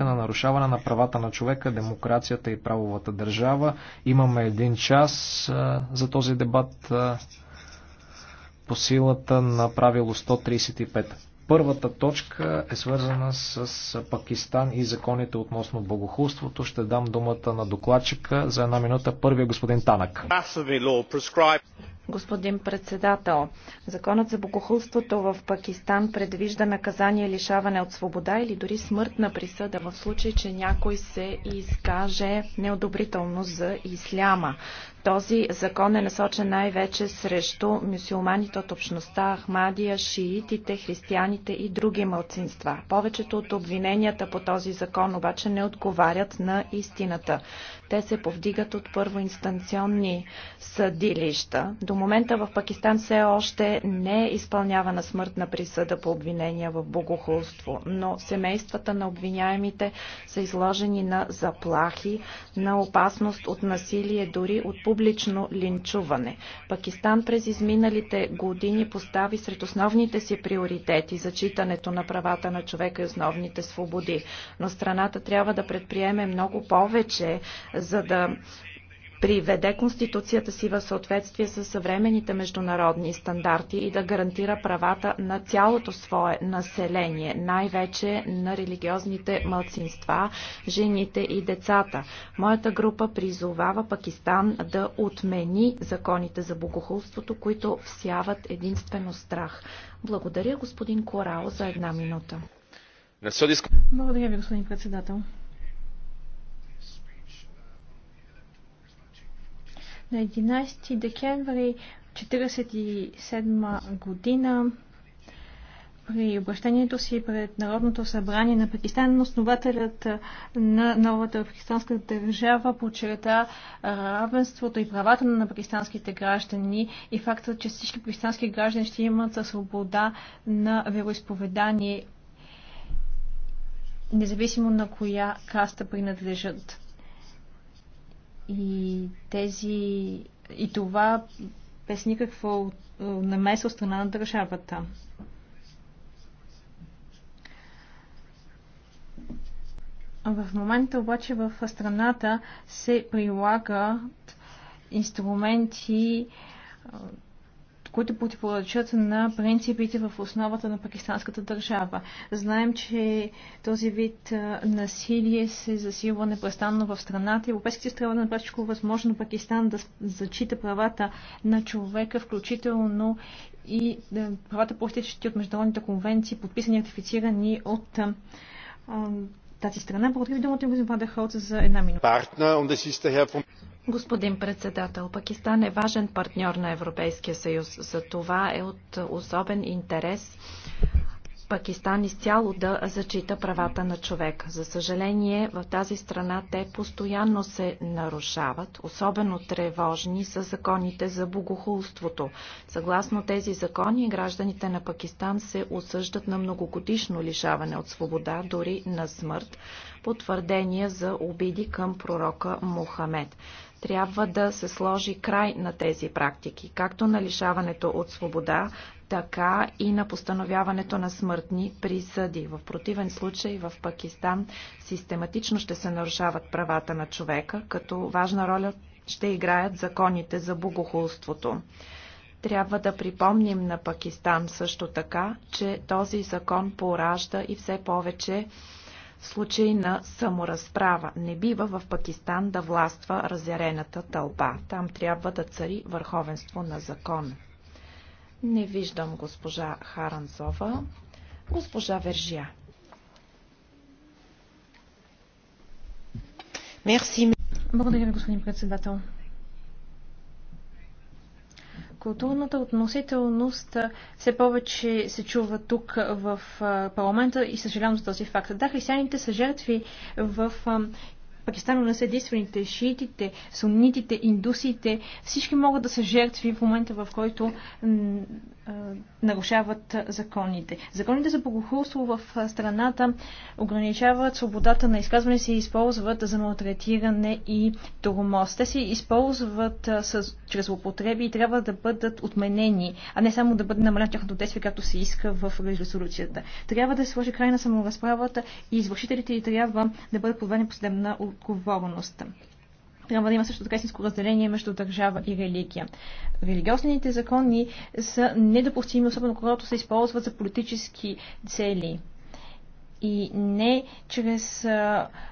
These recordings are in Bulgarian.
на нарушаване на правата на човека, демокрацията и правовата държава. Имаме един час за този дебат по силата на правило 135. Първата точка е свързана с Пакистан и законите относно богохулството. Ще дам думата на докладчика за една минута. Първия господин Танък. Господин председател, законът за богохулството в Пакистан предвижда наказание лишаване от свобода или дори смъртна присъда в случай, че някой се изкаже неодобрително за исляма. Този закон е насочен най-вече срещу мюсюлманите от общността Ахмадия, шиитите, християните и други мълцинства. Повечето от обвиненията по този закон обаче не отговарят на истината. Те се повдигат от първоинстанционни съдилища. До момента в Пакистан все още не е изпълнявана смъртна присъда по обвинения в богохулство, но семействата на обвиняемите са изложени на заплахи, на опасност от насилие, дори от публично линчуване. Пакистан през изминалите години постави сред основните си приоритети зачитането на правата на човека и основните свободи. Но страната трябва да предприеме много повече за да приведе Конституцията си в съответствие с съвременните международни стандарти и да гарантира правата на цялото свое население, най-вече на религиозните мълцинства, жените и децата. Моята група призовава Пакистан да отмени законите за богохулството, които всяват единствено страх. Благодаря господин Корао за една минута. Благодаря ви, господин председател. На 11 декември 1947 година при обращението си пред Народното събрание на Пакистан, основателят на новата пакистанска държава подчерта равенството и правата на пакистанските граждани и факта, че всички пакистански граждани ще имат свобода на вероисповедание, независимо на коя каста принадлежат и тези и това без никаква е, намеса от страна на държавата. В момента обаче в страната се прилагат инструменти е, които противоречат на принципите в основата на пакистанската държава. Знаем, че този вид насилие се засилва непрестанно в страната. Европейските страни на всичко възможно Пакистан да зачита правата на човека, включително и правата проистичащи от международните конвенции, подписани и ратифицирани от тази страна. Благодаря ви думата, господин Вадехалт, за една минута. Господин председател, Пакистан е важен партньор на Европейския съюз. За това е от особен интерес Пакистан изцяло да зачита правата на човек. За съжаление, в тази страна те постоянно се нарушават. Особено тревожни са законите за богохулството. Съгласно тези закони, гражданите на Пакистан се осъждат на многогодишно лишаване от свобода, дори на смърт, потвърдение за обиди към пророка Мухамед. Трябва да се сложи край на тези практики, както на лишаването от свобода, така и на постановяването на смъртни присъди. В противен случай в Пакистан систематично ще се нарушават правата на човека, като важна роля ще играят законите за богохулството. Трябва да припомним на Пакистан също така, че този закон поражда и все повече случай на саморазправа. Не бива в Пакистан да властва разярената тълба. Там трябва да цари върховенство на закон. Не виждам госпожа Харанзова. Госпожа Вержия. Благодаря ви, господин председател. Културната относителност все повече се чува тук в парламента и съжалявам за този факт. Да, християните са жертви в Пакистан, не са единствените. Шиитите, сунитите, индусите, всички могат да са жертви в момента, в който нарушават законите. Законите за богохулство в страната ограничават свободата на изказване се и използват за малтретиране и тормоз. Те се използват с, чрез употреби и трябва да бъдат отменени, а не само да бъде намалено тяхното действие, както се иска в резолюцията. Трябва да се сложи край на саморазправата и извършителите и трябва да бъдат подведени последна отговорност трябва да има също така истинско разделение между държава и религия. Религиозните закони са недопустими, особено когато се използват за политически цели и не чрез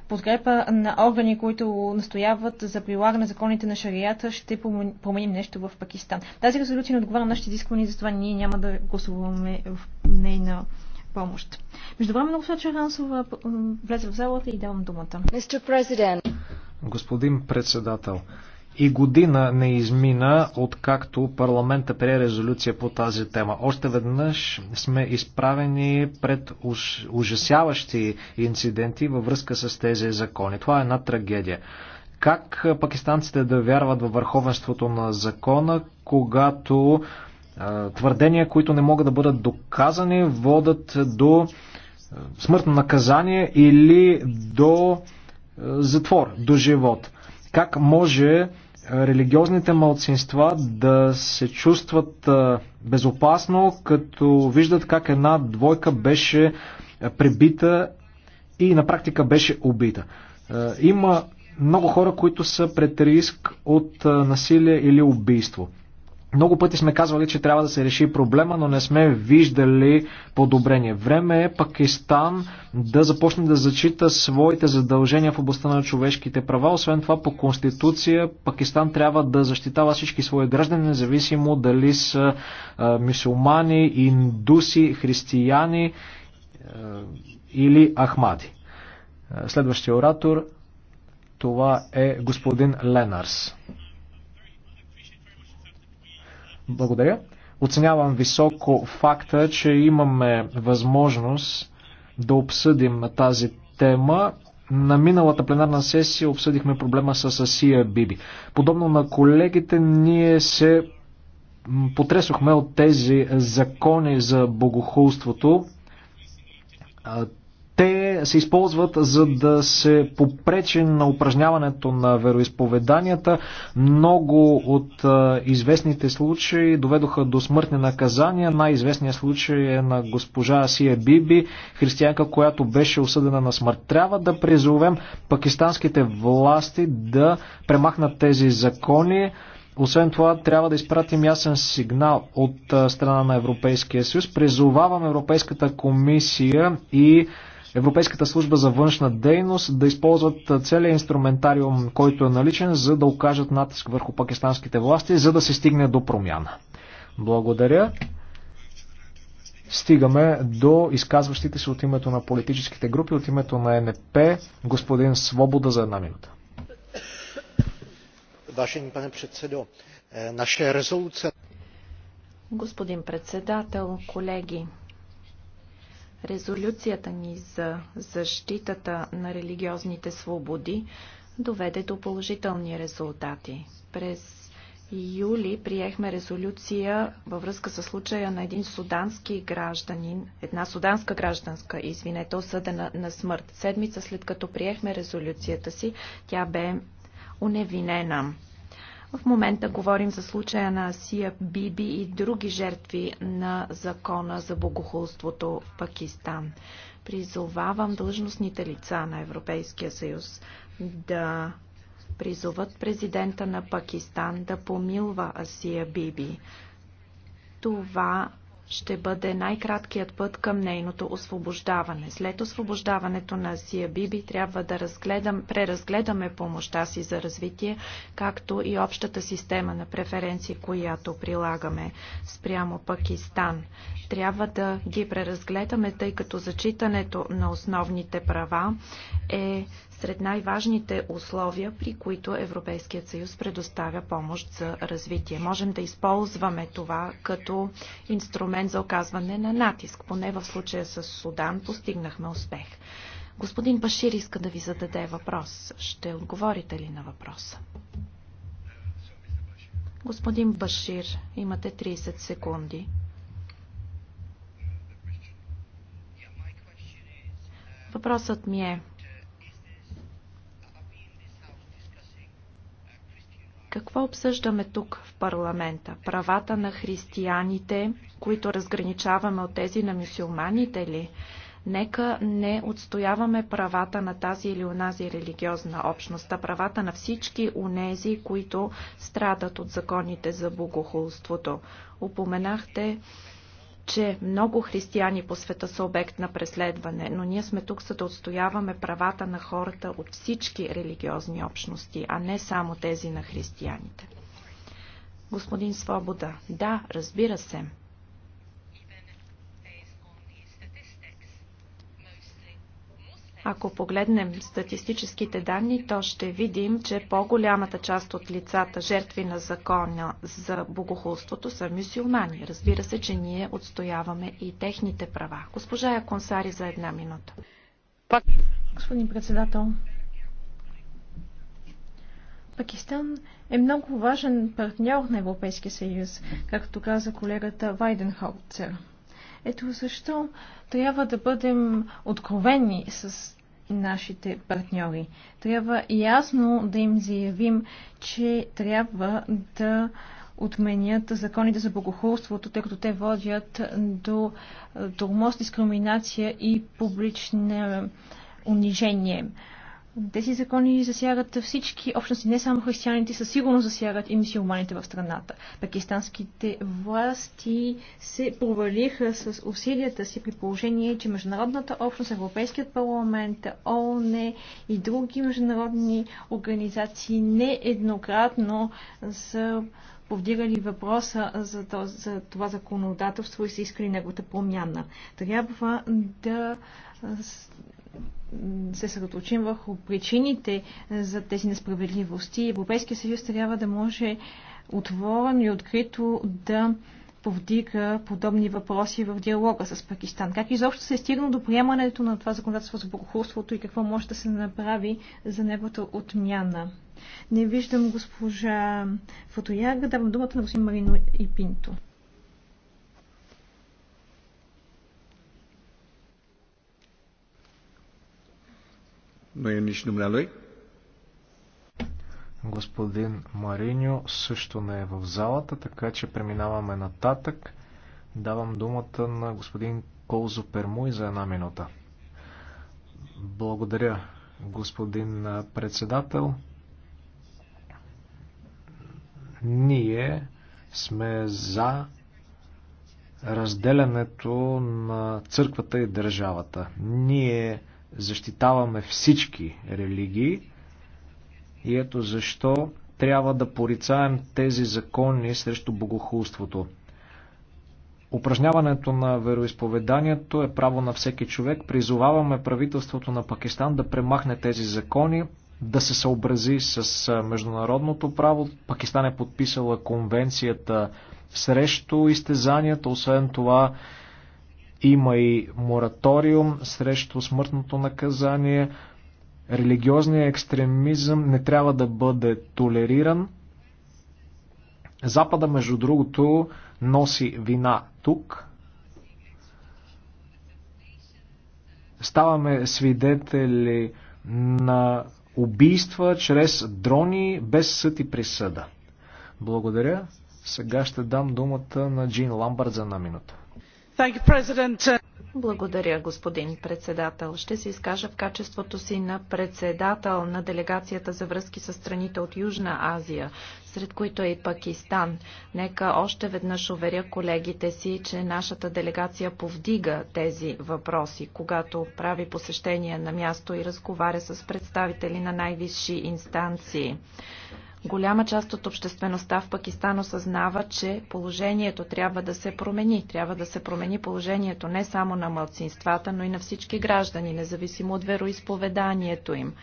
подкрепа на органи, които настояват за прилагане на законите на шарията, ще променим нещо в Пакистан. Тази резолюция не отговаря на нашите изисквания, затова ние няма да гласуваме в нейна помощ. Между време, госпожа Рансова влезе в залата и давам думата. Господин председател, и година не измина, откакто парламента прие резолюция по тази тема. Още веднъж сме изправени пред ужасяващи инциденти във връзка с тези закони. Това е една трагедия. Как пакистанците да вярват във върховенството на закона, когато е, твърдения, които не могат да бъдат доказани, водат до е, смъртно наказание или до е, е, затвор до живот. Как може е, религиозните малцинства да се чувстват е, безопасно, като виждат как една двойка беше прибита и на практика беше убита. Има много хора, които са пред риск от насилие или убийство. Много пъти сме казвали, че трябва да се реши проблема, но не сме виждали подобрение. Време е Пакистан да започне да зачита своите задължения в областта на човешките права. Освен това, по Конституция Пакистан трябва да защитава всички свои граждани, независимо дали са а, мусулмани, индуси, християни а, или ахмади. Следващия оратор това е господин Ленарс. Благодаря. Оценявам високо факта, че имаме възможност да обсъдим тази тема. На миналата пленарна сесия обсъдихме проблема с Асия Биби. Подобно на колегите, ние се потресохме от тези закони за богохулството те се използват за да се попречи на упражняването на вероисповеданията. Много от известните случаи доведоха до смъртни наказания. Най-известният случай е на госпожа Асия Биби, християнка, която беше осъдена на смърт. Трябва да призовем пакистанските власти да премахнат тези закони. Освен това, трябва да изпратим ясен сигнал от страна на Европейския съюз. Призовавам Европейската комисия и Европейската служба за външна дейност да използват целият инструментариум, който е наличен, за да окажат натиск върху пакистанските власти, за да се стигне до промяна. Благодаря. Стигаме до изказващите се от името на политическите групи, от името на НП, господин Свобода за една минута. Вашен пане председо, е, наша резолуция. Господин председател, колеги, Резолюцията ни за защитата на религиозните свободи доведе до положителни резултати. През юли приехме резолюция във връзка с случая на един судански гражданин, една суданска гражданска, извинете, осъдена на смърт. Седмица след като приехме резолюцията си, тя бе уневинена. В момента говорим за случая на Асия Биби и други жертви на закона за богохулството в Пакистан. Призовавам длъжностните лица на Европейския съюз да призоват президента на Пакистан да помилва Асия Биби. Това ще бъде най-краткият път към нейното освобождаване. След освобождаването на Сия Биби трябва да разгледам, преразгледаме помощта си за развитие, както и общата система на преференции, която прилагаме спрямо Пакистан. Трябва да ги преразгледаме, тъй като зачитането на основните права е сред най-важните условия, при които Европейският съюз предоставя помощ за развитие. Можем да използваме това като инструмент за оказване на натиск. Поне в случая с Судан постигнахме успех. Господин Башир иска да ви зададе въпрос. Ще отговорите ли на въпроса? Господин Башир, имате 30 секунди. Въпросът ми е, Какво обсъждаме тук в парламента? Правата на християните, които разграничаваме от тези на мусулманите ли? Нека не отстояваме правата на тази или онази религиозна общност, а правата на всички унези, които страдат от законите за богохулството. Упоменахте че много християни по света са обект на преследване, но ние сме тук, за да отстояваме правата на хората от всички религиозни общности, а не само тези на християните. Господин Свобода, да, разбира се. Ако погледнем статистическите данни, то ще видим, че по-голямата част от лицата, жертви на закона за богохулството, са мюсюлмани. Разбира се, че ние отстояваме и техните права. Госпожа Яконсари за една минута. Пак... Господин председател, Пакистан е много важен партньор на Европейския съюз, както каза колегата Вайденхолцер. Ето защо трябва да бъдем откровени с нашите партньори. Трябва ясно да им заявим, че трябва да отменят законите за богохулството, тъй като те водят до е, тормоз, дискриминация и публично унижение. Тези закони засягат всички общности, не само християните, със сигурност засягат и мусулманите в страната. Пакистанските власти се провалиха с усилията си при положение, че международната общност, Европейският парламент, ООН и други международни организации нееднократно са повдигали въпроса за, то, за това законодателство и са искали неговата промяна. Трябва да се съсредоточим върху причините за тези несправедливости. Европейския съюз трябва да може отворено и открито да повдига подобни въпроси в диалога с Пакистан. Как изобщо се е стигна до приемането на това законодателство за богохулството и какво може да се направи за неговата отмяна? Не виждам госпожа Фотояга. Давам думата на господин Марино и Пинто. E господин Мариньо също не е в залата, така че преминаваме нататък. Давам думата на господин Колзо Пермуй за една минута. Благодаря, господин председател. Ние сме за разделянето на църквата и държавата. Ние защитаваме всички религии и ето защо трябва да порицаем тези закони срещу богохулството. Упражняването на вероисповеданието е право на всеки човек. Призоваваме правителството на Пакистан да премахне тези закони, да се съобрази с международното право. Пакистан е подписала конвенцията срещу изтезанията. Освен това, има и мораториум срещу смъртното наказание. Религиозният екстремизъм не трябва да бъде толериран. Запада, между другото, носи вина тук. Ставаме свидетели на убийства чрез дрони без съд и присъда. Благодаря. Сега ще дам думата на Джин Ламбард за една минута. Благодаря, господин председател. Ще се изкажа в качеството си на председател на делегацията за връзки с страните от Южна Азия, сред които е и Пакистан. Нека още веднъж уверя колегите си, че нашата делегация повдига тези въпроси, когато прави посещение на място и разговаря с представители на най-висши инстанции. Голяма част от обществеността в Пакистан осъзнава, че положението трябва да се промени. Трябва да се промени положението не само на мълцинствата, но и на всички граждани, независимо от вероисповеданието им.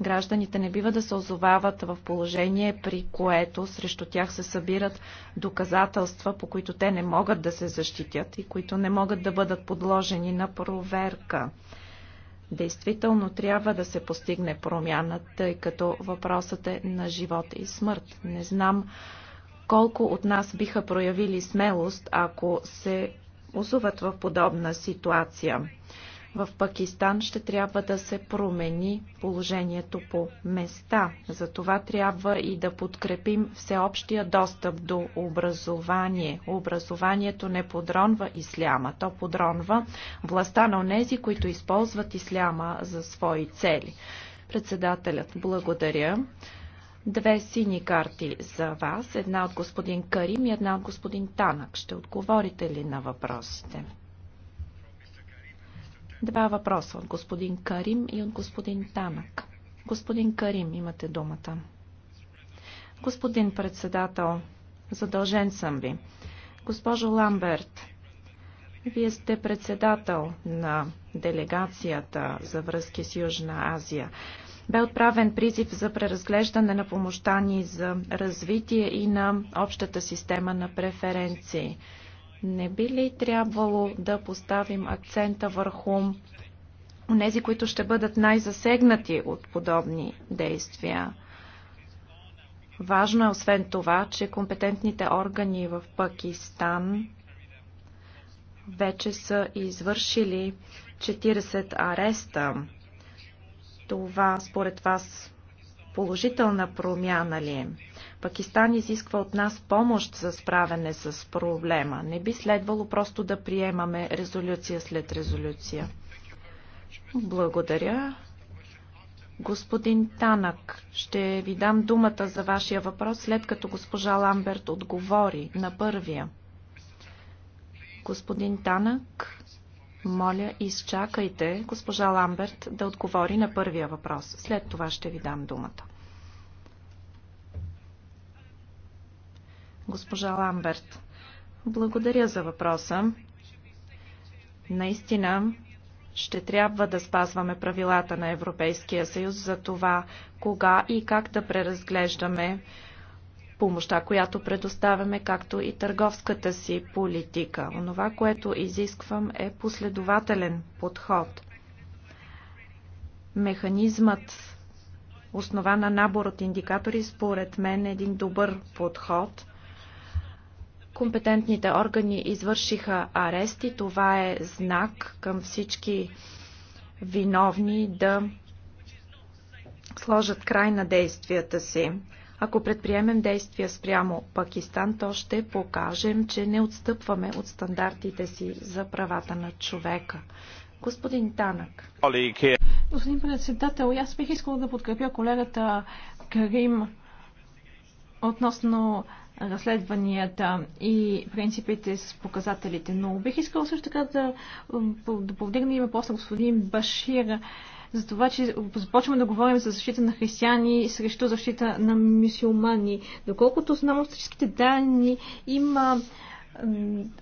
Гражданите не бива да се озовават в положение, при което срещу тях се събират доказателства, по които те не могат да се защитят и които не могат да бъдат подложени на проверка. Действително трябва да се постигне промяна, тъй като въпросът е на живот и смърт. Не знам колко от нас биха проявили смелост, ако се озуват в подобна ситуация. В Пакистан ще трябва да се промени положението по места. За това трябва и да подкрепим всеобщия достъп до образование. Образованието не подронва исляма, то подронва властта на онези, които използват исляма за свои цели. Председателят, благодаря. Две сини карти за вас, една от господин Карим и една от господин Танък. Ще отговорите ли на въпросите? Два въпроса от господин Карим и от господин Танък. Господин Карим, имате думата. Господин председател, задължен съм ви. Госпожо Ламберт, вие сте председател на делегацията за връзки с Южна Азия. Бе отправен призив за преразглеждане на помощта ни за развитие и на общата система на преференции. Не би ли трябвало да поставим акцента върху тези, които ще бъдат най-засегнати от подобни действия? Важно е освен това, че компетентните органи в Пакистан вече са извършили 40 ареста. Това според вас Положителна промяна ли е? Пакистан изисква от нас помощ за справяне с проблема. Не би следвало просто да приемаме резолюция след резолюция. Благодаря. Господин Танък, ще ви дам думата за вашия въпрос, след като госпожа Ламберт отговори на първия. Господин Танък. Моля, изчакайте госпожа Ламберт да отговори на първия въпрос. След това ще ви дам думата. Госпожа Ламберт, благодаря за въпроса. Наистина, ще трябва да спазваме правилата на Европейския съюз за това, кога и как да преразглеждаме помощта, която предоставяме, както и търговската си политика. Онова, което изисквам е последователен подход. Механизмът, основа на набор от индикатори, според мен е един добър подход. Компетентните органи извършиха арести. Това е знак към всички виновни да сложат край на действията си. Ако предприемем действия спрямо Пакистан, то ще покажем, че не отстъпваме от стандартите си за правата на човека. Господин Танък. Господин председател, аз бих искал да подкрепя колегата Карим относно разследванията и принципите с показателите. Но бих искал също така да, да повдигна и въпроса господин Башир за това, че започваме да говорим за защита на християни срещу защита на мюсюлмани. Доколкото знам всичките данни, има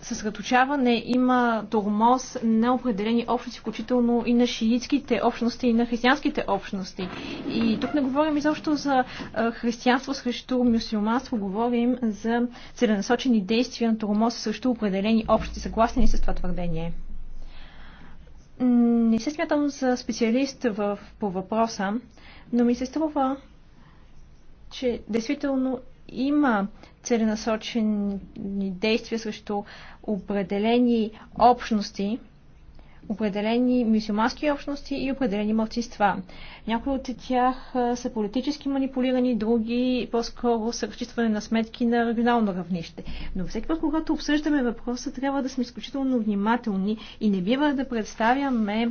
съсредоточаване, има тормоз на определени общности, включително и на шиитските общности, и на християнските общности. И тук не говорим изобщо за християнство срещу мюсюлманство, говорим за целенасочени действия на тормоз срещу определени общности. Съгласни ли с това твърдение? Не се смятам за специалист в, по въпроса, но ми се струва, че действително има целенасочени действия срещу определени общности, определени мюсюлмански общности и определени мълчинства. Някои от тях са политически манипулирани, други по-скоро са разчистване на сметки на регионално равнище. Но всеки път, когато обсъждаме въпроса, трябва да сме изключително внимателни и не бива да представяме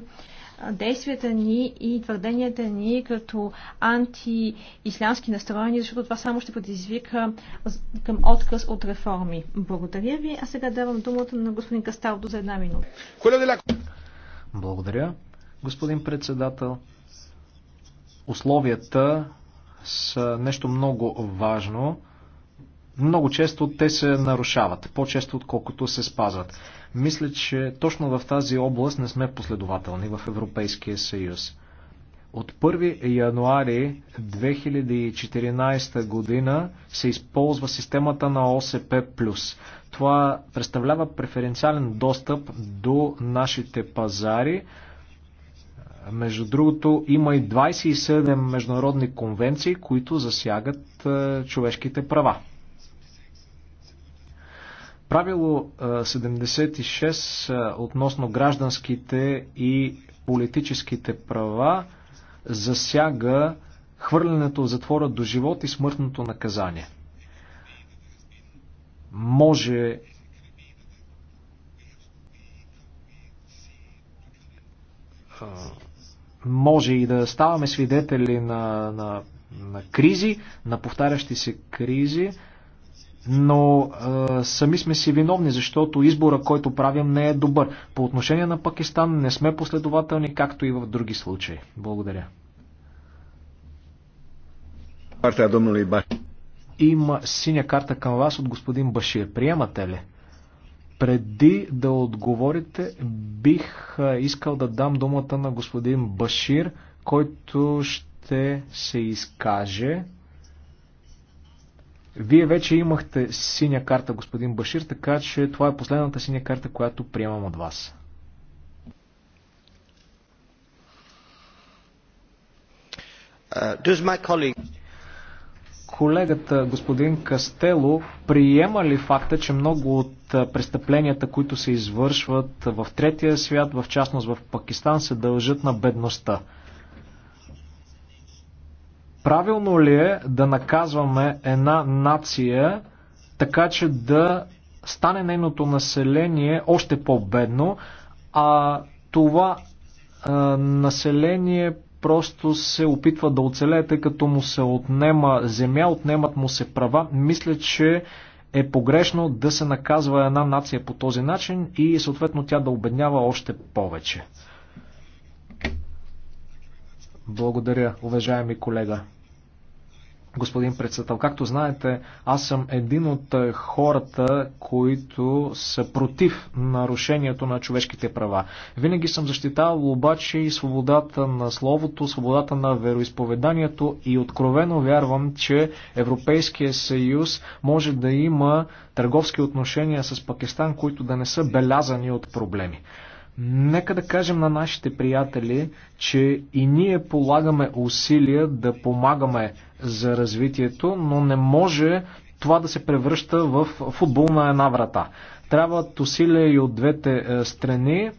действията ни и твърденията ни като антиислямски настроени, защото това само ще предизвика към отказ от реформи. Благодаря ви, а сега давам думата на господин Касталдо за една минута. Благодаря, господин председател. Условията са нещо много важно. Много често те се нарушават, по-често отколкото се спазват. Мисля, че точно в тази област не сме последователни в Европейския съюз. От 1 януари 2014 година се използва системата на ОСП+. Това представлява преференциален достъп до нашите пазари. Между другото, има и 27 международни конвенции, които засягат е, човешките права. Правило 76 е, е, относно гражданските и политическите права засяга хвърлянето в затвора до живот и смъртното наказание. Може може и да ставаме свидетели на, на, на кризи, на повтарящи се кризи, но а, сами сме си виновни, защото избора, който правим, не е добър. По отношение на Пакистан не сме последователни, както и в други случаи. Благодаря. Има синя карта към вас от господин Башир. Приемате ли? Преди да отговорите, бих искал да дам думата на господин Башир, който ще се изкаже вие вече имахте синя карта, господин Башир, така че това е последната синя карта, която приемам от вас. Uh, Колегата господин Кастело приема ли факта, че много от престъпленията, които се извършват в третия свят, в частност в Пакистан, се дължат на бедността? Правилно ли е да наказваме една нация така, че да стане нейното население още по-бедно, а това а, население просто се опитва да оцелее, тъй като му се отнема земя, отнемат му се права. Мисля, че е погрешно да се наказва една нация по този начин и съответно тя да обеднява още повече. Благодаря, уважаеми колега господин председател. Както знаете, аз съм един от е, хората, които са против нарушението на човешките права. Винаги съм защитавал обаче и свободата на словото, свободата на вероисповеданието и откровено вярвам, че Европейския съюз може да има търговски отношения с Пакистан, които да не са белязани от проблеми. Нека да кажем на нашите приятели, че и ние полагаме усилия да помагаме за развитието, но не може това да се превръща в футбол на една врата. Трябват усилия и от двете е, страни е,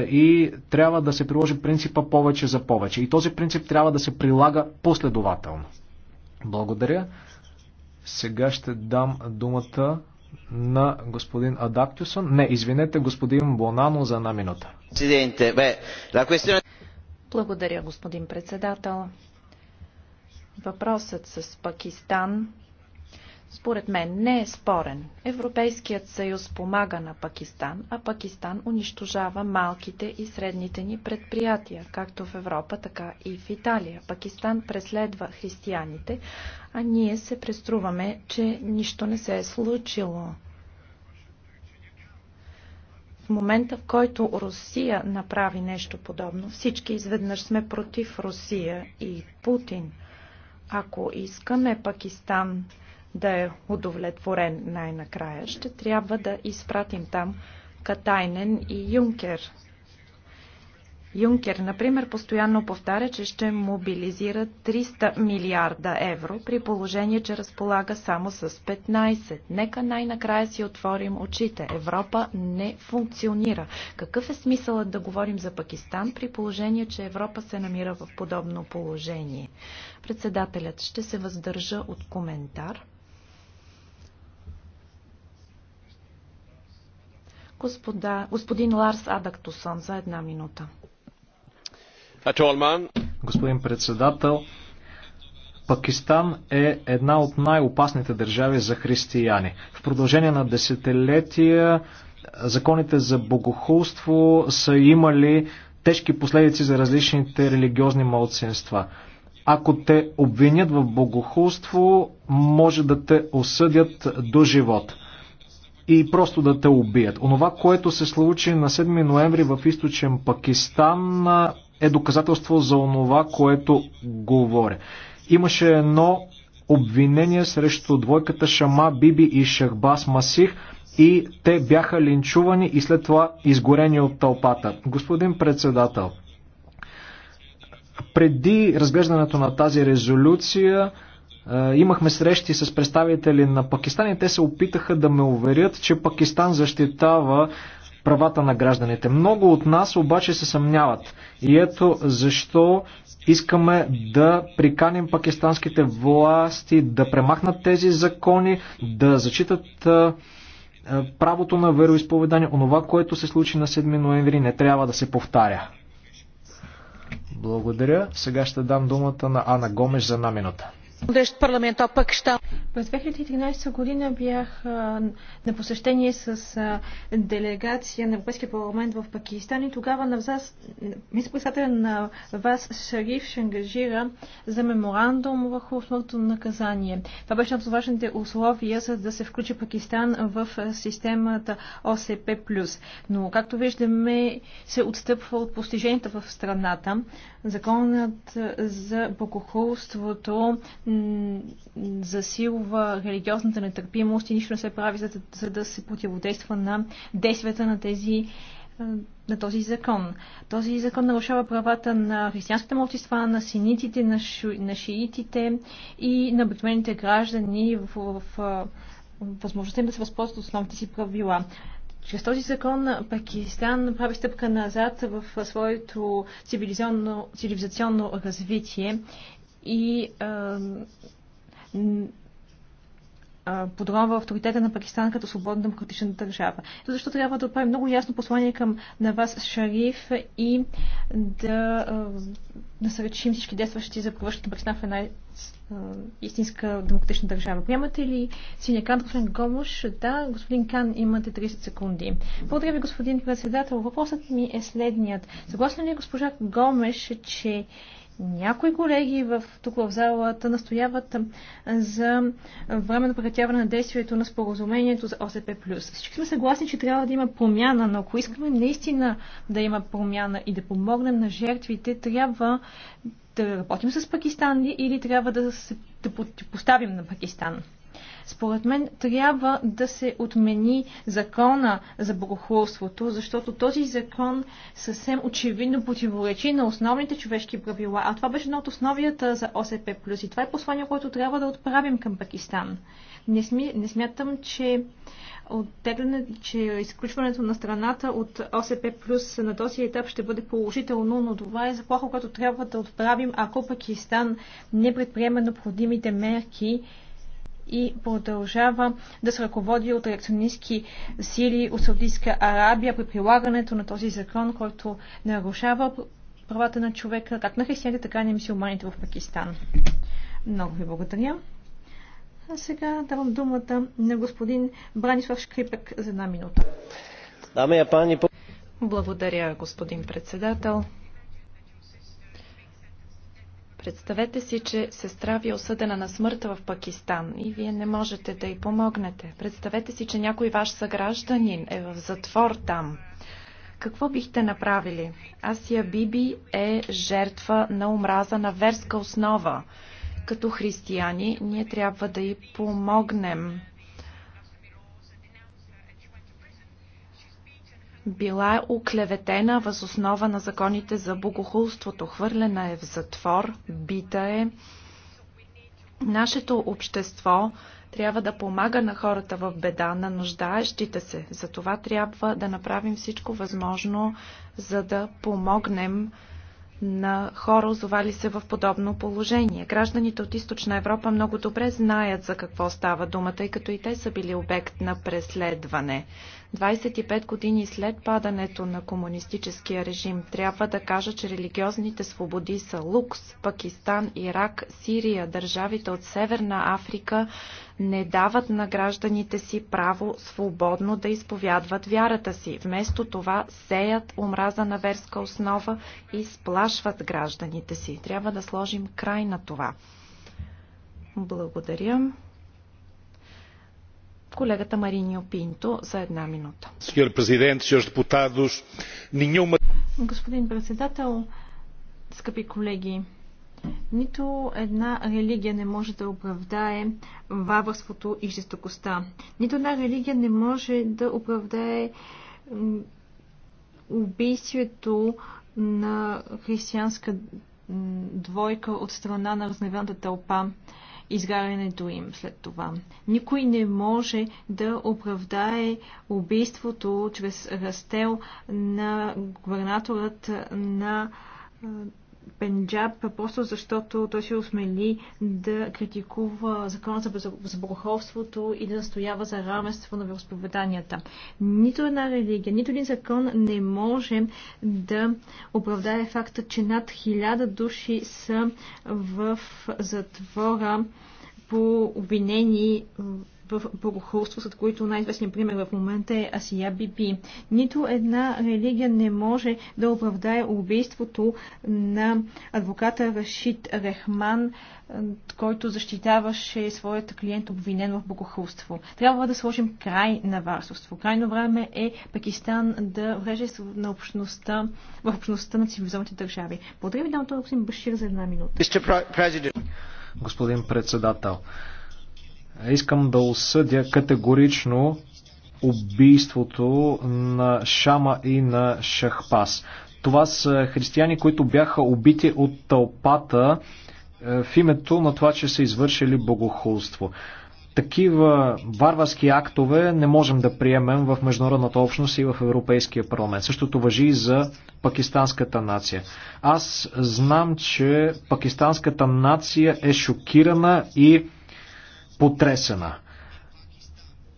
и трябва да се приложи принципа повече за повече. И този принцип трябва да се прилага последователно. Благодаря. Сега ще дам думата на господин Адаптюсън. Не, извинете, господин Бонано за една минута. Благодаря, господин председател. Въпросът с Пакистан според мен не е спорен. Европейският съюз помага на Пакистан, а Пакистан унищожава малките и средните ни предприятия, както в Европа, така и в Италия. Пакистан преследва християните, а ние се преструваме, че нищо не се е случило. В момента, в който Русия направи нещо подобно, всички изведнъж сме против Русия и Путин. Ако искаме Пакистан да е удовлетворен най-накрая, ще трябва да изпратим там Катайнен и Юнкер. Юнкер, например, постоянно повтаря, че ще мобилизира 300 милиарда евро, при положение, че разполага само с 15. Нека най-накрая си отворим очите. Европа не функционира. Какъв е смисълът да говорим за Пакистан, при положение, че Европа се намира в подобно положение? Председателят ще се въздържа от коментар. Господа, господин Ларс Адактусон за една минута. Господин председател, Пакистан е една от най-опасните държави за християни. В продължение на десетилетия е, законите за богохулство са имали тежки последици за различните религиозни малцинства. Ако те обвинят в богохулство, може да те осъдят до живот и просто да те убият. Онова, което се случи на 7 ноември в източен Пакистан е доказателство за онова, което говоря. Имаше едно обвинение срещу двойката Шама, Биби и Шахбас Масих и те бяха линчувани и след това изгорени от тълпата. Господин председател, преди разглеждането на тази резолюция Имахме срещи с представители на Пакистан и те се опитаха да ме уверят, че Пакистан защитава правата на гражданите. Много от нас обаче се съмняват. И ето защо искаме да приканим пакистанските власти да премахнат тези закони, да зачитат правото на вероисповедание. Онова, което се случи на 7 ноември, не трябва да се повтаря. Благодаря. Сега ще дам думата на Ана Гомеш за една минута. През 2013 година бях на посещение с делегация на Европейския парламент в Пакистан и тогава на министър-председателя на вас Шариф ще ангажира за меморандум върху основното наказание. Това беше от важните условия, за да се включи Пакистан в системата ОСП+. Но, както виждаме, се отстъпва от постиженията в страната. Законът за богохулството засилва религиозната нетърпимост и нищо не се прави, за, за да се противодейства на действията на тези на този закон. Този закон нарушава правата на християнските младсинства, на синитите, на, ши, на шиитите и на обикновените граждани в, в, в, в възможността им да се възползват от основните си правила. Чрез този закон Пакистан прави стъпка назад в своето цивилизационно, цивилизационно развитие и а, подронва авторитета на Пакистан като свободна демократична държава. защо трябва да отправим много ясно послание към на вас, Шариф, и да насръчим всички действащи за превръщането на Пакистан в една истинска демократична държава. Приемате ли синия кан, господин Гомош? Да, господин Кан, имате 30 секунди. Благодаря ви, господин председател. Въпросът ми е следният. Съгласна ли е госпожа Гомеш, че някои колеги в, тук в залата настояват за временно прекратяване на действието на споразумението за ОСП+. Всички сме съгласни, че трябва да има промяна, но ако искаме наистина да има промяна и да помогнем на жертвите, трябва да работим с Пакистан или трябва да се да поставим на Пакистан. Според мен трябва да се отмени закона за богохулството, защото този закон съвсем очевидно противоречи на основните човешки правила, а това беше едно от основията за ОСП+. И това е послание, което трябва да отправим към Пакистан. Не, сми, не смятам, че оттегляне, че изключването на страната от ОСП плюс на този етап ще бъде положително, но това е заплаха, която трябва да отправим, ако Пакистан не предприема необходимите мерки и продължава да се ръководи от реакционистски сили от Саудитска Арабия при прилагането на този закон, който нарушава правата на човека, как на християните, така и на мисиоманите в Пакистан. Много ви благодаря. А сега давам думата на господин Бранислав Шкрипек за една минута. Благодаря, господин председател. Представете си, че сестра ви е осъдена на смърт в Пакистан и вие не можете да й помогнете. Представете си, че някой ваш съгражданин е в затвор там. Какво бихте направили? Асия Биби е жертва на омраза на верска основа. Като християни ние трябва да й помогнем. Била е въз основа на законите за богохулството. Хвърлена е в затвор, бита е. Нашето общество трябва да помага на хората в беда, на нуждаещите се. Затова трябва да направим всичко възможно, за да помогнем на хора, озовали се в подобно положение. Гражданите от Източна Европа много добре знаят за какво става думата, и като и те са били обект на преследване. 25 години след падането на комунистическия режим трябва да кажа, че религиозните свободи са Лукс, Пакистан, Ирак, Сирия, държавите от Северна Африка не дават на гражданите си право свободно да изповядват вярата си. Вместо това сеят омраза на верска основа и сплашват гражданите си. Трябва да сложим край на това. Благодаря. Колегата Маринио Пинто за една минута. Господин председател, скъпи колеги, нито една религия не може да оправдае варварството и жестокостта. Нито една религия не може да оправдае убийството на християнска двойка от страна на разневената тълпа изгарянето им след това. Никой не може да оправдае убийството чрез разтел на губернаторът на Пенджаб, просто защото той се осмели да критикува закона за безбруховството и да настоява за равенство на вероисповеданията. Нито една религия, нито един закон не може да оправдае факта, че над хиляда души са в затвора по обвинени в богохулство, след които най-известният пример в момента е Асия Биби. Нито една религия не може да оправдае убийството на адвоката Рашид Рехман, който защитаваше своят клиент обвинен в богохулство. Трябва да сложим край на варсовство. Крайно време е Пакистан да вреже на общността, в общността на цивилизованите държави. Благодаря ви, дам господин Башир, за една минута. Господин председател, Искам да осъдя категорично убийството на Шама и на Шахпас. Това са християни, които бяха убити от тълпата е, в името на това, че са извършили богохулство. Такива варварски актове не можем да приемем в международната общност и в Европейския парламент. Същото въжи и за пакистанската нация. Аз знам, че пакистанската нация е шокирана и потресена.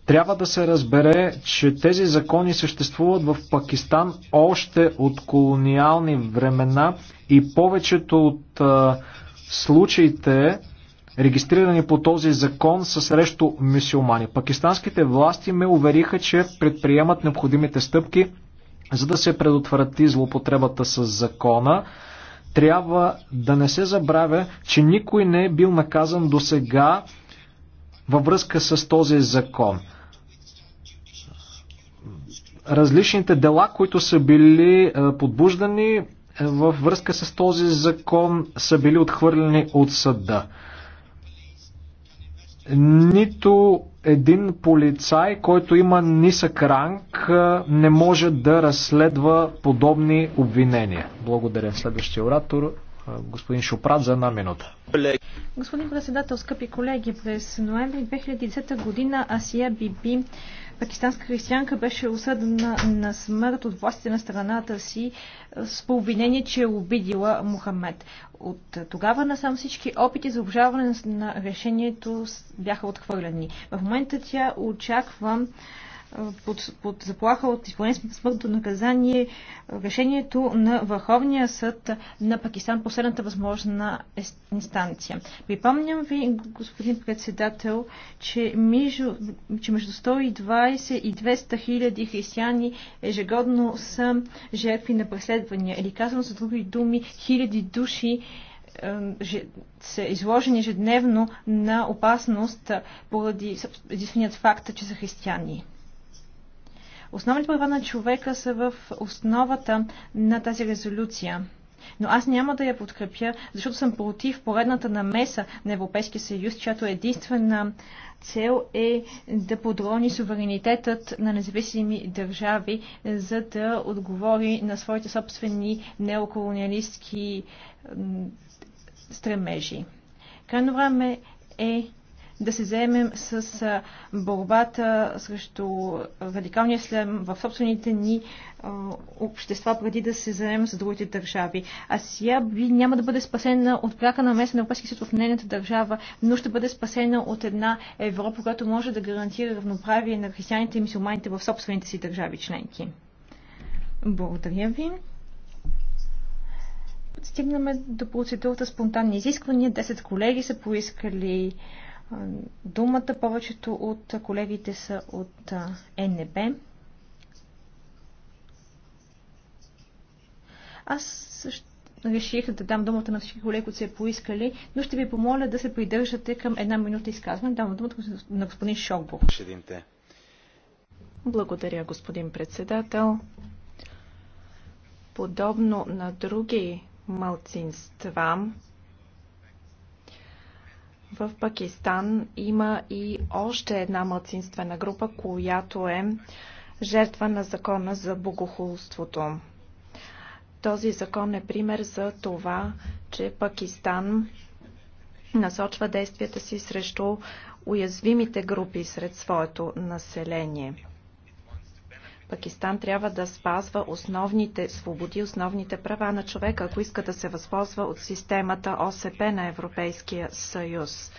Трябва да се разбере, че тези закони съществуват в Пакистан още от колониални времена и повечето от а, случаите, регистрирани по този закон, са срещу мюсюлмани. Пакистанските власти ме увериха, че предприемат необходимите стъпки, за да се предотврати злопотребата с закона трябва да не се забравя, че никой не е бил наказан до сега във връзка с този закон. Различните дела, които са били е, подбуждани е, във връзка с този закон, са били отхвърлени от съда. Нито един полицай, който има нисък ранг, е, не може да разследва подобни обвинения. Благодаря. Следващия оратор господин Шопрат за една минута. Господин председател, скъпи колеги, през ноември 2010 година Асия Биби, пакистанска християнка, беше осъдена на смърт от властите на страната си с по обвинение, че е обидила Мухамед. От тогава насам всички опити за обжаване на решението бяха отхвърлени. В момента тя очаква под, под заплаха от изпълнение смъртно наказание решението на Върховния съд на Пакистан, последната възможна инстанция. Припомням ви, господин председател, че между, че между 120 и 200 хиляди християни ежегодно са жертви на преследвания. Или казвам, с други думи, хиляди души са изложени ежедневно на опасност поради единственият факт, че са християни. Основните права на човека са в основата на тази резолюция. Но аз няма да я подкрепя, защото съм против поредната намеса на Европейския съюз, чиято единствена цел е да подрони суверенитетът на независими държави, за да отговори на своите собствени неоколониалистки стремежи. Крайно време е да се заемем с борбата срещу радикалния слем в собствените ни общества, преди да се заемем с другите държави. А сия би няма да бъде спасена от пряка на местна на Европейския съюз в нейната държава, но ще бъде спасена от една Европа, която може да гарантира равноправие на християните и мусулманите в собствените си държави членки. Благодаря ви стигнаме до процедурата спонтанни изисквания. 10 колеги са поискали думата. Повечето от колегите са от НБ. Аз също реших да дам думата на всички колеги, които се поискали, но ще ви помоля да се придържате към една минута изказване. Дам думата на господин Шокбо. Благодаря, господин председател. Подобно на други малцинства, в Пакистан има и още една младсинствена група, която е жертва на закона за богохулството. Този закон е пример за това, че Пакистан насочва действията си срещу уязвимите групи сред своето население. Пакистан трябва да спазва основните свободи, основните права на човека, ако иска да се възползва от системата ОСП на Европейския съюз.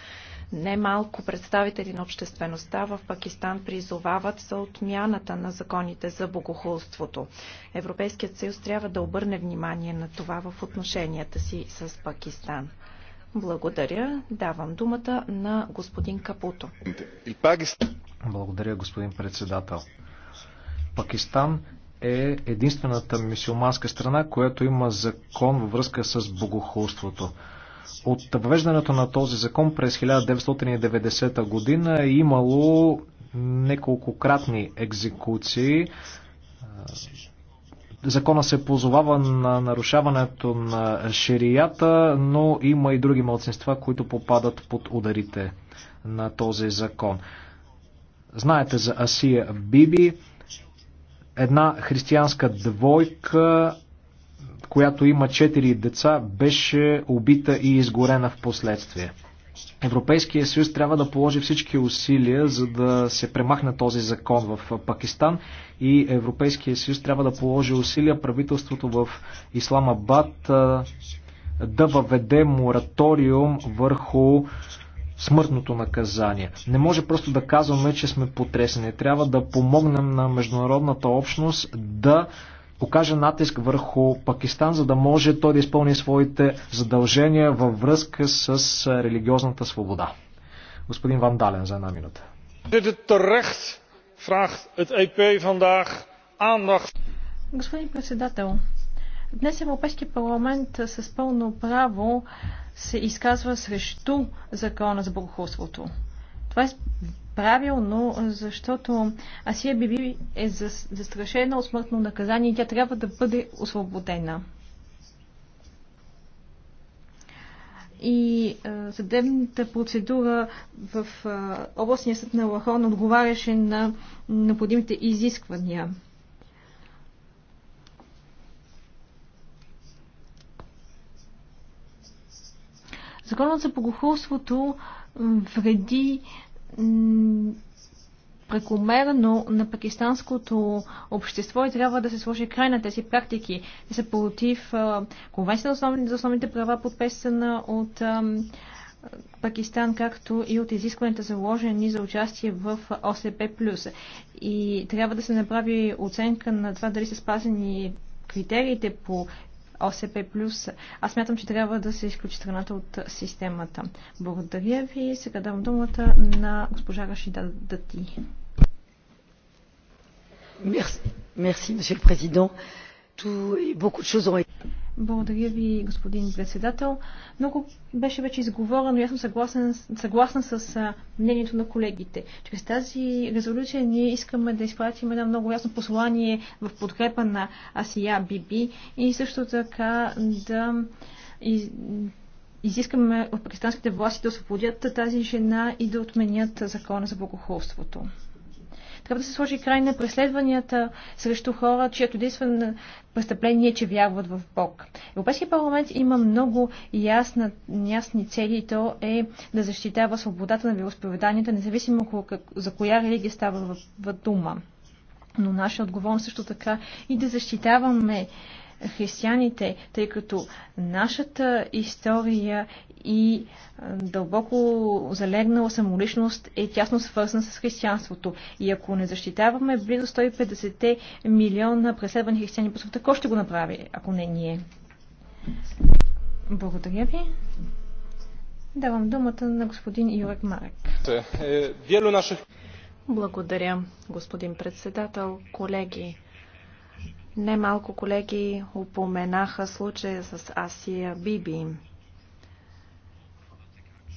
Немалко представители на обществеността в Пакистан призовават за отмяната на законите за богохулството. Европейският съюз трябва да обърне внимание на това в отношенията си с Пакистан. Благодаря. Давам думата на господин Капуто. Благодаря, господин председател. Пакистан е единствената мисиоманска страна, която има закон във връзка с богохулството. От въвеждането на този закон през 1990 година е имало неколкократни екзекуции. Закона се позовава на нарушаването на ширията, но има и други младсинства, които попадат под ударите на този закон. Знаете за Асия Биби, Една християнска двойка, която има четири деца, беше убита и изгорена в последствие. Европейския съюз трябва да положи всички усилия, за да се премахне този закон в Пакистан и Европейския съюз трябва да положи усилия правителството в Исламабад да въведе мораториум върху смъртното наказание. Не може просто да казваме, че сме потресени. Трябва да помогнем на международната общност да покаже натиск върху Пакистан, за да може той да изпълни своите задължения във връзка с религиозната свобода. Господин Вандален, за една минута. E Господин председател, Днес Европейския парламент с пълно право се изказва срещу закона за богохулството. Това е правилно, защото Асия Биби е застрашена от смъртно наказание и тя трябва да бъде освободена. и а, съдебната процедура в а, областния съд на Лахон отговаряше на необходимите изисквания. Законът за богохулството вреди прекомерно на пакистанското общество и трябва да се сложи край на тези практики. Те са против Конвенцията за основните права, подписана от Пакистан, както и от изискванията заложени за участие в ОСП+. И трябва да се направи оценка на това дали са спазени критериите по ОСП+. Аз смятам, че трябва да се изключи страната от системата. Благодаря ви. Сега давам думата на госпожа Рашида Дати. Мерси, мерси, месье президент. Tout et beaucoup de благодаря ви, господин председател. Много беше вече изговорено но аз съм съгласен, съгласна с мнението на колегите. Чрез тази резолюция ние искаме да изпратим едно много ясно послание в подкрепа на Асия Биби и също така да из... изискаме от пакистанските власти да освободят тази жена и да отменят закона за богохулството. Трябва да се сложи край на преследванията срещу хора, чието на престъпление, че вярват в Бог. Европейския парламент има много ясна, ясни цели и то е да защитава свободата на вероисповеданията, независимо за коя религия става в, в дума. Но наша отговорност също така и да защитаваме християните, тъй като нашата история и е, дълбоко залегнала самоличност е тясно свързана с християнството. И ако не защитаваме близо 150 милиона преследвани християни по света, кой ще го направи, ако не ние? Благодаря ви. Давам думата на господин Юрек Марек. Е, Благодаря, господин председател, колеги. Немалко колеги упоменаха случая с Асия Биби.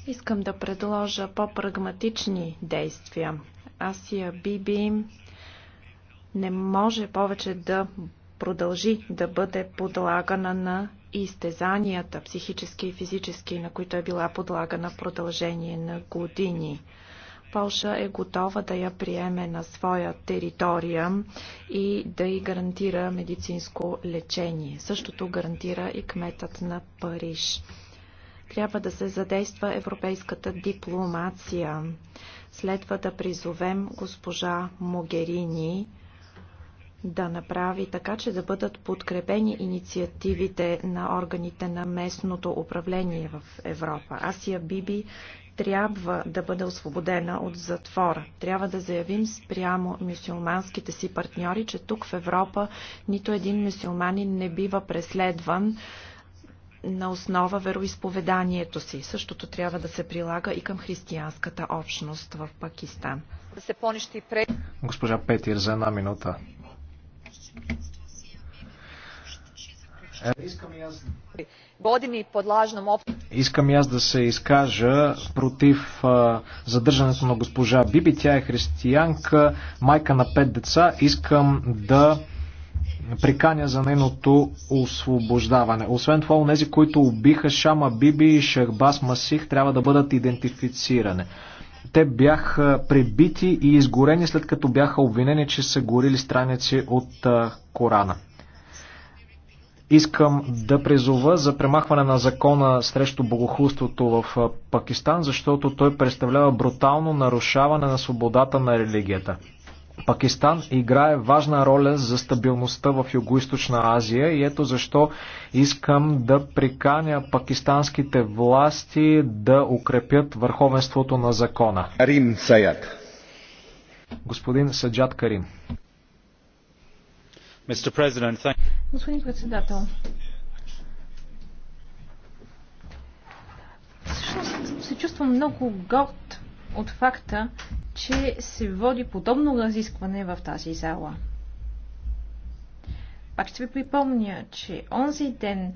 Искам да предложа по-прагматични действия. Асия Биби не може повече да продължи да бъде подлагана на изтезанията, психически и физически, на които е била подлагана в продължение на години. Полша е готова да я приеме на своя територия и да й гарантира медицинско лечение. Същото гарантира и кметът на Париж. Трябва да се задейства европейската дипломация. Следва да призовем госпожа Могерини да направи така, че да бъдат подкрепени инициативите на органите на местното управление в Европа. Асия Биби трябва да бъде освободена от затвора. Трябва да заявим спрямо мюсюлманските си партньори, че тук в Европа нито един мюсюлманин не бива преследван на основа вероисповеданието си. Същото трябва да се прилага и към християнската общност в Пакистан. Да се понищи пред... Госпожа Петир, за една минута. Искам и аз... Години под лажном Искам и аз да се изкажа против задържането на госпожа Биби. Тя е християнка, майка на пет деца. Искам да приканя за нейното освобождаване. Освен това, онези, които убиха Шама Биби и Шахбас Масих, трябва да бъдат идентифицирани. Те бяха пребити и изгорени след като бяха обвинени, че са горили страници от Корана. Искам да призова за премахване на закона срещу богохулството в Пакистан, защото той представлява брутално нарушаване на свободата на религията. Пакистан играе важна роля за стабилността в Юго-Источна Азия и ето защо искам да приканя пакистанските власти да укрепят върховенството на закона. Карим Саят. Господин Саджат Карим. Господин председател, всъщност се чувствам много горд от факта, че се води подобно разискване в тази зала. Пак ще ви припомня, че онзи ден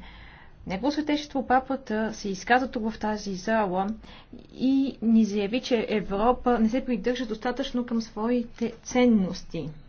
Негово светещество папата се изказа тук в тази зала и ни заяви, че Европа не се придържа достатъчно към своите ценности –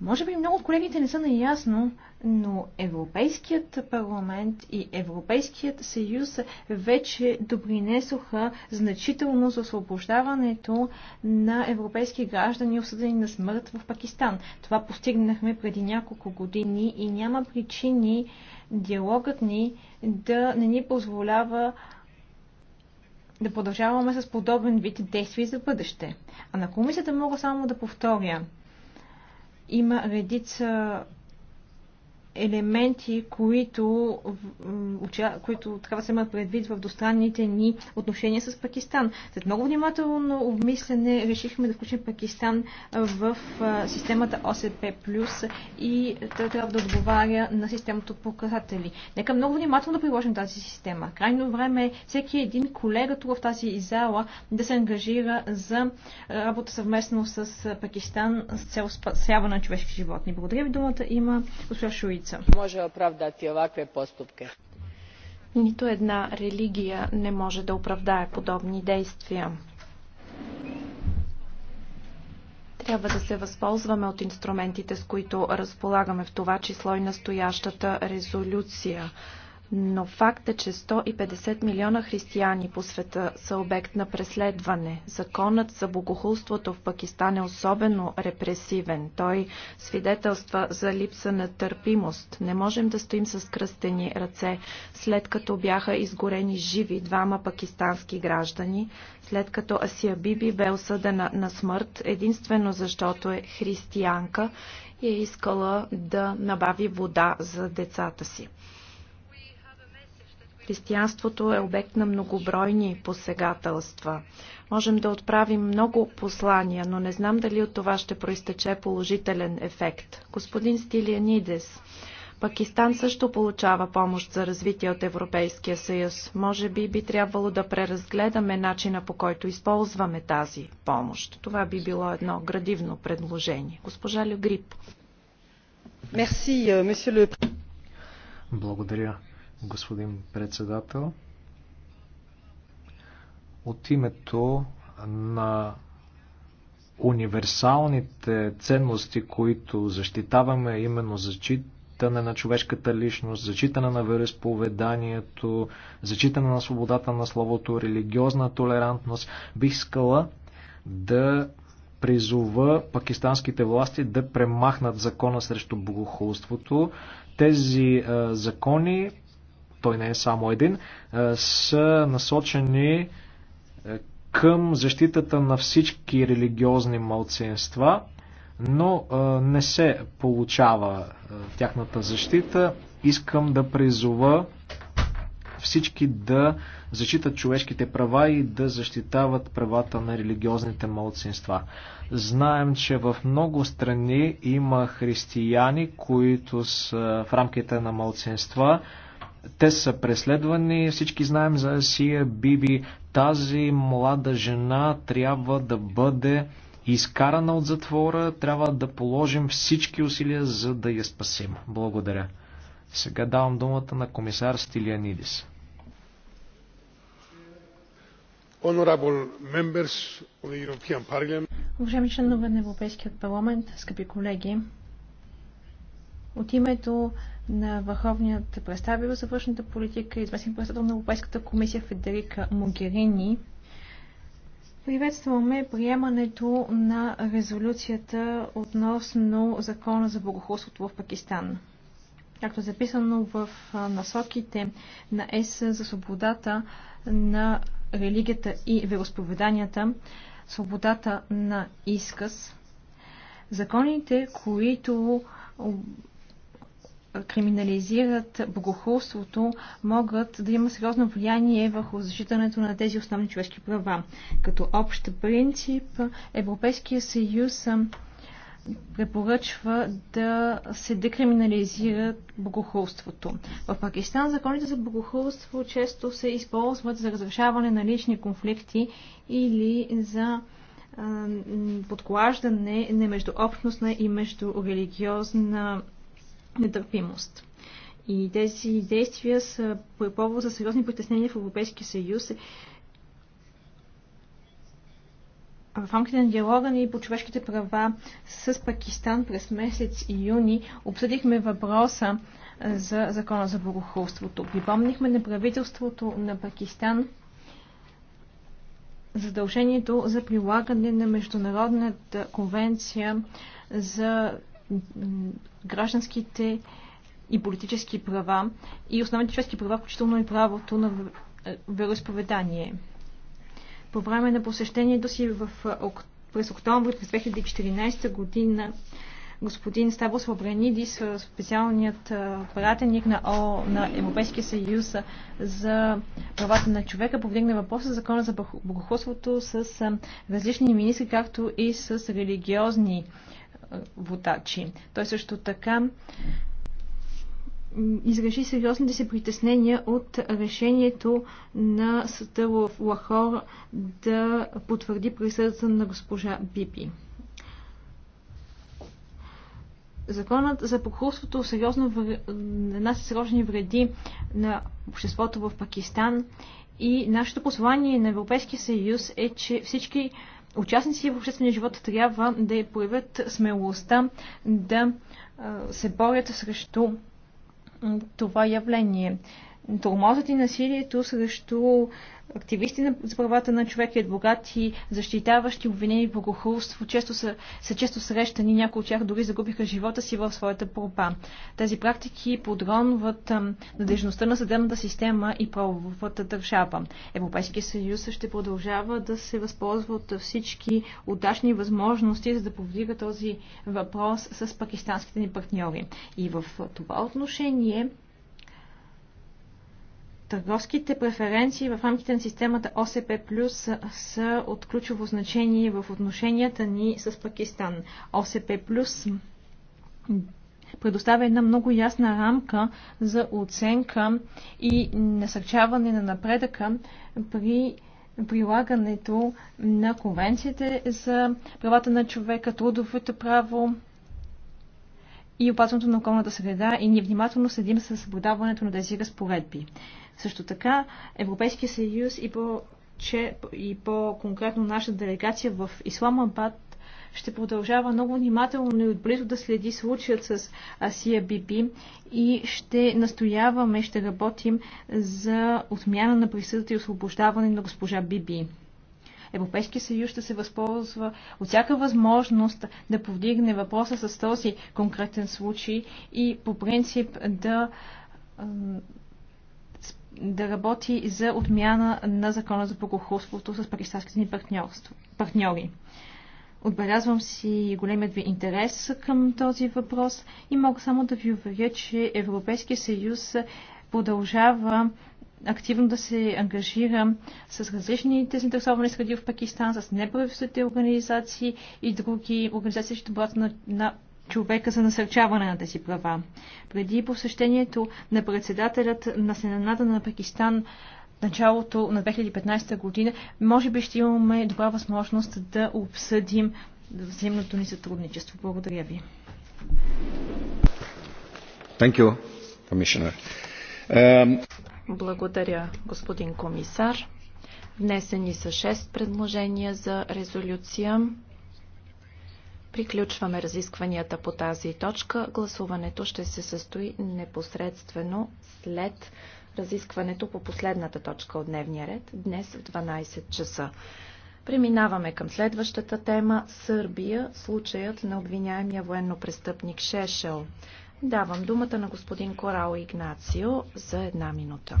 може би много колегите не са наясно, но Европейският парламент и Европейският съюз вече допринесоха значително за освобождаването на европейски граждани, осъдени на смърт в Пакистан. Това постигнахме преди няколко години и няма причини диалогът ни да не ни позволява да продължаваме с подобен вид действия за бъдеще. А на комисията мога само да повторя – има редица елементи, които, които трябва да се имат предвид в достранните ни отношения с Пакистан. След много внимателно обмислене решихме да включим Пакистан в системата ОСП+, и той трябва да отговаря на системата показатели. Нека много внимателно да приложим тази система. Крайно време е всеки един колега тук в тази зала да се ангажира за работа съвместно с Пакистан с цел спасяване на човешки животни. Благодаря ви думата има госпожа Шуиц članica. Može opravdati ovakve postupke. Нито една религия не може да оправдае подобни действия. Трябва да се възползваме от инструментите, с които разполагаме в това число и настоящата резолюция но факт е, че 150 милиона християни по света са обект на преследване. Законът за богохулството в Пакистан е особено репресивен. Той свидетелства за липса на търпимост. Не можем да стоим с кръстени ръце, след като бяха изгорени живи двама пакистански граждани, след като Асия Биби бе осъдена на смърт, единствено защото е християнка и е искала да набави вода за децата си. Християнството е обект на многобройни посегателства. Можем да отправим много послания, но не знам дали от това ще проистече положителен ефект. Господин Стилианидес, Пакистан също получава помощ за развитие от Европейския съюз. Може би би трябвало да преразгледаме начина по който използваме тази помощ. Това би било едно градивно предложение. Госпожа Люгрип. Euh, Благодаря, господин председател. От името на универсалните ценности, които защитаваме, именно зачитане на човешката личност, зачитане на вероисповеданието, зачитане на свободата на словото, религиозна толерантност, бих искала да призова пакистанските власти да премахнат закона срещу богохулството. Тези а, закони той не е само един, е, са насочени е, към защитата на всички религиозни малцинства, но е, не се получава тяхната защита. Искам да призова всички да зачитат човешките права и да защитават правата на религиозните малцинства. Знаем, че в много страни има християни, които са в рамките на малцинства, те са преследвани, всички знаем за Сия Биби. Тази млада жена трябва да бъде изкарана от затвора, трябва да положим всички усилия, за да я спасим. Благодаря. Сега давам думата на комисар Стилианидис. Уважаеми членове на Европейският парламент, скъпи колеги, от името на върховният представител за външната политика и известен председател на Европейската комисия Федерика Могерини. Приветстваме приемането на резолюцията относно закона за богохулството в Пакистан. Както е записано в насоките на ЕС за свободата на религията и вероисповеданията, свободата на изказ, законите, които криминализират богохулството, могат да има сериозно влияние върху защитането на тези основни човешки права. Като общ принцип, Европейския съюз препоръчва да се декриминализира богохулството. В Пакистан законите за богохулство често се използват за разрешаване на лични конфликти или за подклаждане не между общностна и между религиозна нетърпимост. И тези действия са повод за сериозни притеснения в Европейския съюз. В рамките на диалога ни по човешките права с Пакистан през месец и юни обсъдихме въпроса за закона за богохулството. Припомнихме на правителството на Пакистан задължението за прилагане на Международната конвенция за гражданските и политически права и основните човешки права, включително и правото на е, вероисповедание. По време на посещението си в, е, през октомври през 2014 година господин Ставос Лабранидис, е, специалният пратеник на, О, на Европейския съюз за правата на човека, повдигна въпроса за закона за богохоството с различни министри, както и с религиозни водачи. Той също така изреши сериозните си притеснения от решението на съда в Лахор да потвърди присъдата на госпожа Биби. Законът за прокурството сериозно нанася сериозни вреди на обществото в Пакистан и нашето послание на Европейския съюз е, че всички участници в обществения живот трябва да проявят смелостта да се борят срещу това явление. Тормозът и насилието срещу активисти на, за правата на човека и адвокати, защитаващи обвинени в богохулство, често са, са често срещани, някои от тях дори загубиха живота си в своята пропа. Тези практики подронват надежността на съдебната система и правовата държава. Европейския съюз ще продължава да се възползва от всички удачни възможности, за да повдига този въпрос с пакистанските ни партньори. И в това отношение Търговските преференции в рамките на системата ОСП Плюс са, от ключово значение в отношенията ни с Пакистан. ОСП Плюс предоставя една много ясна рамка за оценка и насърчаване на напредъка при прилагането на конвенциите за правата на човека, трудовото право и опазването на околната среда и ние внимателно следим със съблюдаването на тези разпоредби. Също така Европейския съюз и по че и по-конкретно наша делегация в Исламабад ще продължава много внимателно и отблизо да следи случаят с Асия Биби и ще настояваме, ще работим за отмяна на присъдата и освобождаване на госпожа Биби. Европейския съюз ще се възползва от всяка възможност да повдигне въпроса с този конкретен случай и по принцип да да работи за отмяна на закона за богохулството с пакистанските ни партньори. Отбелязвам си големият ви интерес към този въпрос и мога само да ви уверя, че Европейския съюз продължава активно да се ангажира с различните заинтересовани среди в Пакистан, с неправителствените организации и други организации, ще бъдат на, на човека за насърчаване на тези права. Преди посещението на председателят на Сенената на Пакистан началото на 2015 година, може би ще имаме добра възможност да обсъдим взаимното ни сътрудничество. Благодаря ви. Thank you, Commissioner. Um... Благодаря, господин комисар. Внесени са 6 предложения за резолюция. Приключваме разискванията по тази точка. Гласуването ще се състои непосредствено след разискването по последната точка от дневния ред, днес в 12 часа. Преминаваме към следващата тема – Сърбия, случаят на обвиняемия военно-престъпник Шешел. Давам думата на господин Корал Игнацио за една минута.